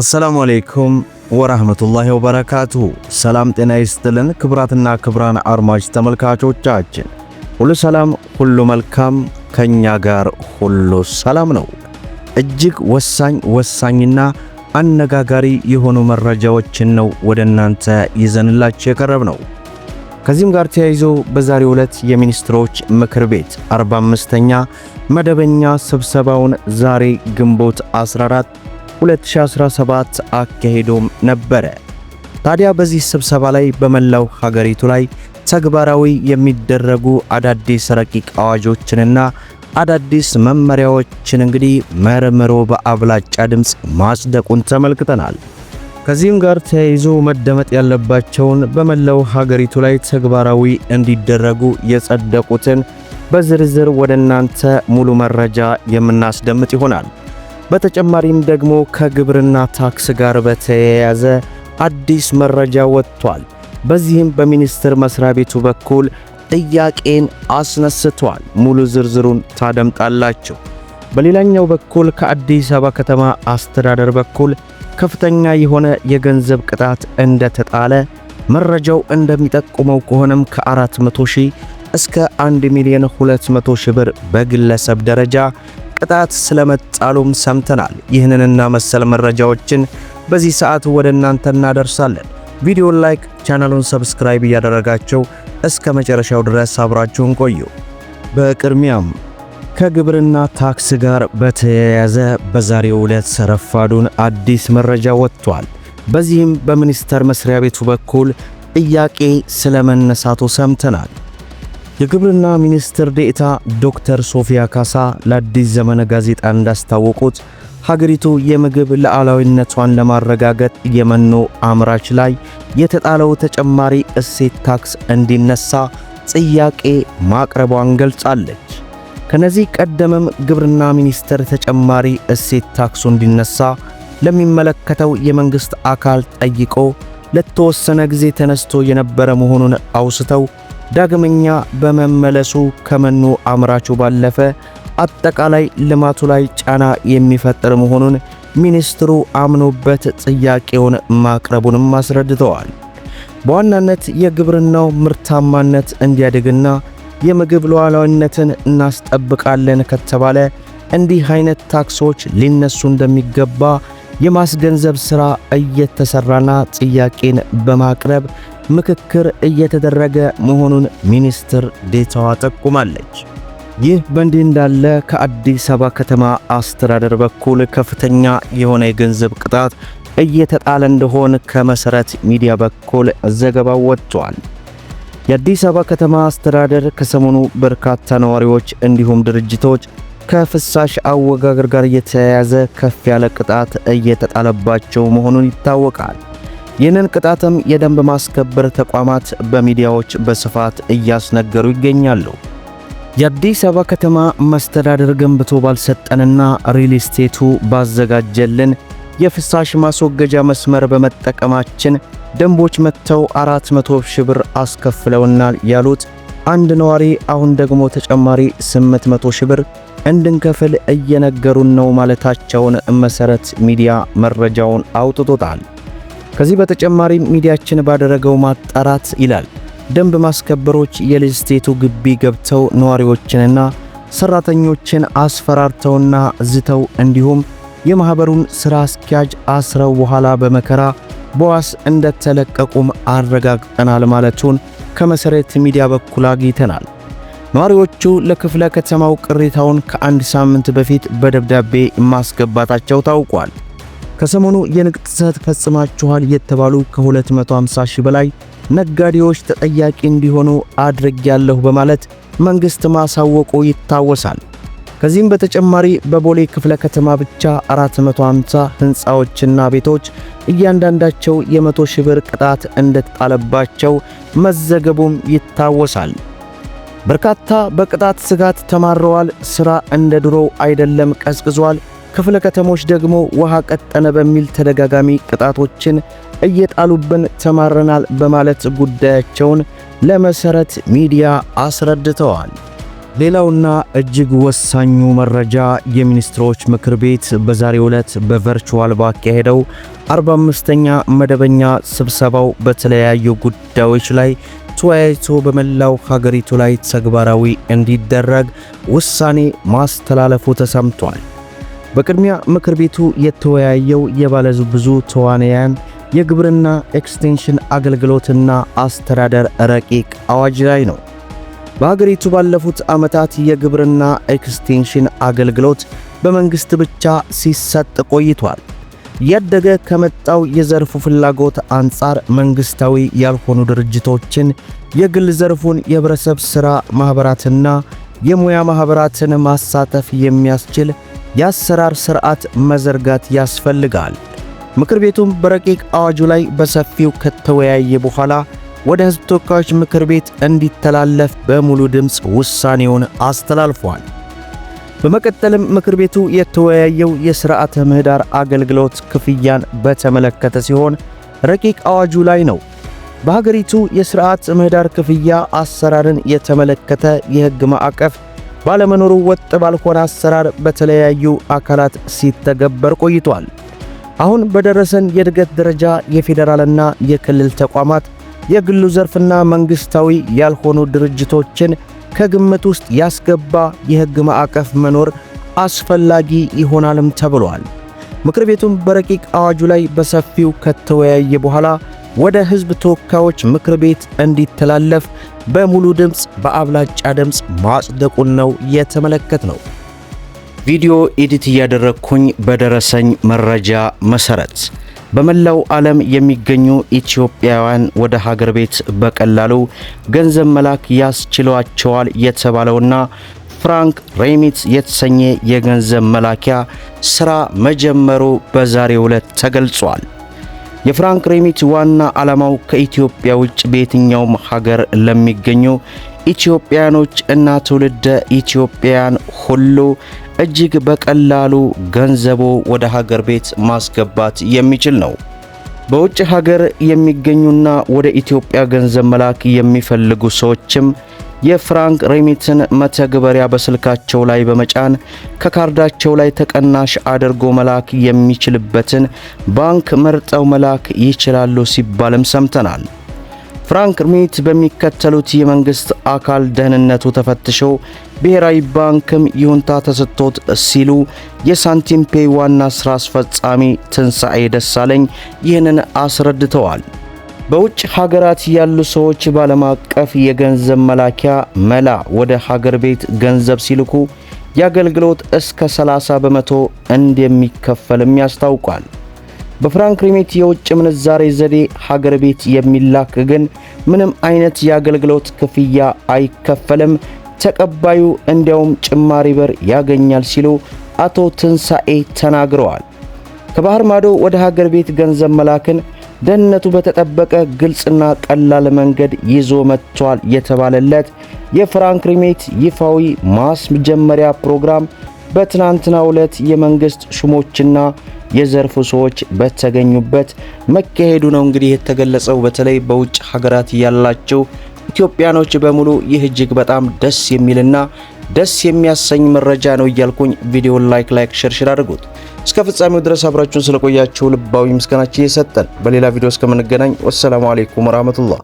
አሰላሙ አሌይኩም ወራህመቱላሂ ወበረካቱሁ። ሰላም ጤና ይስጥልን ክብራትና ክብራን አድማጭ ተመልካቾቻችን ሁሉ ሰላም፣ ሁሉ መልካም፣ ከእኛ ጋር ሁሉ ሰላም ነው። እጅግ ወሳኝ ወሳኝና አነጋጋሪ የሆኑ መረጃዎችን ነው ወደ እናንተ ይዘንላችሁ የቀረብ ነው። ከዚህም ጋር ተያይዞ በዛሬው ዕለት የሚኒስትሮች ምክር ቤት 45ኛ መደበኛ ስብሰባውን ዛሬ ግንቦት 14 2017 አካሄዶም ነበረ። ታዲያ በዚህ ስብሰባ ላይ በመላው ሀገሪቱ ላይ ተግባራዊ የሚደረጉ አዳዲስ ረቂቅ አዋጆችንና አዳዲስ መመሪያዎችን እንግዲህ መርምሮ በአብላጫ ድምፅ ማጽደቁን ተመልክተናል። ከዚህም ጋር ተያይዞ መደመጥ ያለባቸውን በመላው ሀገሪቱ ላይ ተግባራዊ እንዲደረጉ የጸደቁትን በዝርዝር ወደ እናንተ ሙሉ መረጃ የምናስደምጥ ይሆናል። በተጨማሪም ደግሞ ከግብርና ታክስ ጋር በተያያዘ አዲስ መረጃ ወጥቷል። በዚህም በሚኒስቴር መስሪያ ቤቱ በኩል ጥያቄን አስነስቷል። ሙሉ ዝርዝሩን ታደምጣላችሁ። በሌላኛው በኩል ከአዲስ አበባ ከተማ አስተዳደር በኩል ከፍተኛ የሆነ የገንዘብ ቅጣት እንደተጣለ መረጃው እንደሚጠቁመው ከሆነም ከ400 ሺህ እስከ 1 ሚሊዮን 200 ሺህ ብር በግለሰብ ደረጃ ቅጣት ስለመጣሉም ሰምተናል። ይህንንና መሰል መረጃዎችን በዚህ ሰዓት ወደ እናንተ እናደርሳለን። ቪዲዮን ላይክ፣ ቻናሉን ሰብስክራይብ እያደረጋቸው እስከ መጨረሻው ድረስ አብራችሁን ቆዩ። በቅድሚያም ከግብርና ታክስ ጋር በተያያዘ በዛሬው ዕለት ረፋዱን አዲስ መረጃ ወጥቷል። በዚህም በሚኒስቴር መስሪያ ቤቱ በኩል ጥያቄ ስለመነሳቱ ሰምተናል። የግብርና ሚኒስትር ዴኤታ ዶክተር ሶፊያ ካሳ ለአዲስ ዘመን ጋዜጣ እንዳስታወቁት ሀገሪቱ የምግብ ሉዓላዊነቷን ለማረጋገጥ የመኖ አምራች ላይ የተጣለው ተጨማሪ እሴት ታክስ እንዲነሳ ጥያቄ ማቅረቧን ገልጻለች። ከነዚህ ቀደምም ግብርና ሚኒስቴር ተጨማሪ እሴት ታክሱ እንዲነሳ ለሚመለከተው የመንግሥት አካል ጠይቆ ለተወሰነ ጊዜ ተነስቶ የነበረ መሆኑን አውስተው ዳግመኛ በመመለሱ ከመኖ አምራቹ ባለፈ አጠቃላይ ልማቱ ላይ ጫና የሚፈጥር መሆኑን ሚኒስትሩ አምኖበት ጥያቄውን ማቅረቡንም አስረድተዋል። በዋናነት የግብርናው ምርታማነት እንዲያድግና የምግብ ሉዓላዊነትን እናስጠብቃለን ከተባለ እንዲህ አይነት ታክሶች ሊነሱ እንደሚገባ የማስገንዘብ ሥራ እየተሠራና ጥያቄን በማቅረብ ምክክር እየተደረገ መሆኑን ሚኒስትር ዴታዋ ጠቁማለች። ይህ በእንዲህ እንዳለ ከአዲስ አበባ ከተማ አስተዳደር በኩል ከፍተኛ የሆነ የገንዘብ ቅጣት እየተጣለ እንደሆን ከመሰረት ሚዲያ በኩል ዘገባው ወጥቷል። የአዲስ አበባ ከተማ አስተዳደር ከሰሞኑ በርካታ ነዋሪዎች እንዲሁም ድርጅቶች ከፍሳሽ አወጋገር ጋር እየተያያዘ ከፍ ያለ ቅጣት እየተጣለባቸው መሆኑን ይታወቃል። ይህንን ቅጣትም የደንብ ማስከበር ተቋማት በሚዲያዎች በስፋት እያስነገሩ ይገኛሉ። የአዲስ አበባ ከተማ መስተዳድር ገንብቶ ባልሰጠንና ሪል ስቴቱ ባዘጋጀልን የፍሳሽ ማስወገጃ መስመር በመጠቀማችን ደንቦች መጥተው 400 ሺህ ብር አስከፍለውናል ያሉት አንድ ነዋሪ አሁን ደግሞ ተጨማሪ 800 ሺህ ብር እንድንከፍል እየነገሩን ነው ማለታቸውን መሰረት ሚዲያ መረጃውን አውጥቶታል። ከዚህ በተጨማሪ ሚዲያችን ባደረገው ማጣራት ይላል ደንብ ማስከበሮች የልስቴቱ ግቢ ገብተው ነዋሪዎችንና ሰራተኞችን አስፈራርተውና ዝተው እንዲሁም የማኅበሩን ሥራ አስኪያጅ አስረው በኋላ በመከራ በዋስ እንደተለቀቁም አረጋግጠናል ማለቱን ከመሠረት ሚዲያ በኩል አግኝተናል። ነዋሪዎቹ ለክፍለ ከተማው ቅሬታውን ከአንድ ሳምንት በፊት በደብዳቤ ማስገባታቸው ታውቋል። ከሰሞኑ የንግድ ጥሰት ፈጽማችኋል የተባሉ ከ250 ሺህ በላይ ነጋዴዎች ተጠያቂ እንዲሆኑ አድርጌያለሁ በማለት መንግሥት ማሳወቁ ይታወሳል። ከዚህም በተጨማሪ በቦሌ ክፍለ ከተማ ብቻ 450 ሕንፃዎችና ቤቶች እያንዳንዳቸው የመቶ ሺህ ብር ቅጣት እንደተጣለባቸው መዘገቡም ይታወሳል። በርካታ በቅጣት ስጋት ተማረዋል። ሥራ እንደ ድሮው አይደለም፣ ቀዝቅዟል። ክፍለ ከተሞች ደግሞ ውሃ ቀጠነ በሚል ተደጋጋሚ ቅጣቶችን እየጣሉብን ተማረናል በማለት ጉዳያቸውን ለመሰረት ሚዲያ አስረድተዋል። ሌላውና እጅግ ወሳኙ መረጃ የሚኒስትሮች ምክር ቤት በዛሬው ዕለት በቨርቹዋል ባካሄደው 45ኛ መደበኛ ስብሰባው በተለያዩ ጉዳዮች ላይ ተወያይቶ በመላው ሀገሪቱ ላይ ተግባራዊ እንዲደረግ ውሳኔ ማስተላለፉ ተሰምቷል። በቅድሚያ ምክር ቤቱ የተወያየው የባለዙ ብዙ ተዋናያን የግብርና ኤክስቴንሽን አገልግሎትና አስተዳደር ረቂቅ አዋጅ ላይ ነው። በሀገሪቱ ባለፉት ዓመታት የግብርና ኤክስቴንሽን አገልግሎት በመንግሥት ብቻ ሲሰጥ ቆይቷል። እያደገ ከመጣው የዘርፉ ፍላጎት አንጻር መንግሥታዊ ያልሆኑ ድርጅቶችን፣ የግል ዘርፉን፣ የህብረተሰብ ሥራ ማኅበራትና የሙያ ማኅበራትን ማሳተፍ የሚያስችል የአሰራር ስርዓት መዘርጋት ያስፈልጋል። ምክር ቤቱም በረቂቅ አዋጁ ላይ በሰፊው ከተወያየ በኋላ ወደ ሕዝብ ተወካዮች ምክር ቤት እንዲተላለፍ በሙሉ ድምፅ ውሳኔውን አስተላልፏል። በመቀጠልም ምክር ቤቱ የተወያየው የሥርዓተ ምህዳር አገልግሎት ክፍያን በተመለከተ ሲሆን ረቂቅ አዋጁ ላይ ነው። በሀገሪቱ የሥርዓተ ምህዳር ክፍያ አሰራርን የተመለከተ የሕግ ማዕቀፍ ባለመኖሩ ወጥ ባልሆነ አሰራር በተለያዩ አካላት ሲተገበር ቆይቷል። አሁን በደረሰን የእድገት ደረጃ የፌዴራልና የክልል ተቋማት የግሉ ዘርፍና መንግስታዊ ያልሆኑ ድርጅቶችን ከግምት ውስጥ ያስገባ የሕግ ማዕቀፍ መኖር አስፈላጊ ይሆናልም ተብሏል። ምክር ቤቱም በረቂቅ አዋጁ ላይ በሰፊው ከተወያየ በኋላ ወደ ሕዝብ ተወካዮች ምክር ቤት እንዲተላለፍ በሙሉ ድምፅ በአብላጫ ድምፅ ማጽደቁን ነው የተመለከት ነው። ቪዲዮ ኤዲት እያደረግኩኝ በደረሰኝ መረጃ መሰረት በመላው ዓለም የሚገኙ ኢትዮጵያውያን ወደ ሀገር ቤት በቀላሉ ገንዘብ መላክ ያስችሏቸዋል የተባለውና ፍራንክ ሬሚት የተሰኘ የገንዘብ መላኪያ ስራ መጀመሩ በዛሬው ዕለት ተገልጿል። የፍራንክ ሬሚት ዋና ዓላማው ከኢትዮጵያ ውጭ በየትኛውም ሀገር ለሚገኙ ኢትዮጵያኖች እና ትውልደ ኢትዮጵያን ሁሉ እጅግ በቀላሉ ገንዘቦ ወደ ሀገር ቤት ማስገባት የሚችል ነው። በውጭ ሀገር የሚገኙና ወደ ኢትዮጵያ ገንዘብ መላክ የሚፈልጉ ሰዎችም የፍራንክ ሬሚትን መተግበሪያ በስልካቸው ላይ በመጫን ከካርዳቸው ላይ ተቀናሽ አድርጎ መላክ የሚችልበትን ባንክ መርጠው መላክ ይችላሉ ሲባልም ሰምተናል። ፍራንክ ሪሚት በሚከተሉት የመንግስት አካል ደህንነቱ ተፈትሾ ብሔራዊ ባንክም ይሁንታ ተሰጥቶት ሲሉ የሳንቲም ፔይ ዋና ሥራ አስፈጻሚ ትንሣኤ ደሳለኝ ይህንን አስረድተዋል። በውጭ ሀገራት ያሉ ሰዎች ባለም አቀፍ የገንዘብ መላኪያ መላ ወደ ሀገር ቤት ገንዘብ ሲልኩ የአገልግሎት እስከ 30 በመቶ እንደሚከፈልም ያስታውቋል። በፍራንክ ሪሚት የውጭ ምንዛሬ ዘዴ ሀገር ቤት የሚላክ ግን ምንም አይነት የአገልግሎት ክፍያ አይከፈልም፣ ተቀባዩ እንዲያውም ጭማሪ በር ያገኛል ሲሉ አቶ ትንሣኤ ተናግረዋል። ከባህር ማዶ ወደ ሀገር ቤት ገንዘብ መላክን ደህንነቱ በተጠበቀ ግልጽና ቀላል መንገድ ይዞ መጥቷል የተባለለት የፍራንክ ሪሜት ይፋዊ ማስጀመሪያ ፕሮግራም በትናንትናው ዕለት የመንግስት ሹሞችና የዘርፉ ሰዎች በተገኙበት መካሄዱ ነው እንግዲህ የተገለጸው። በተለይ በውጭ ሀገራት ያላቸው ኢትዮጵያኖች በሙሉ ይህ እጅግ በጣም ደስ የሚልና ደስ የሚያሰኝ መረጃ ነው እያልኩኝ ቪዲዮን ላይክ ላይክ ሽር አድርጉት። እስከ ፍጻሜው ድረስ አብራችሁን ስለቆያችሁ ልባዊ ምስጋናችን እየሰጠን በሌላ ቪዲዮ እስከምንገናኝ ወሰላሙ አሌይኩም ወራህመቱላህ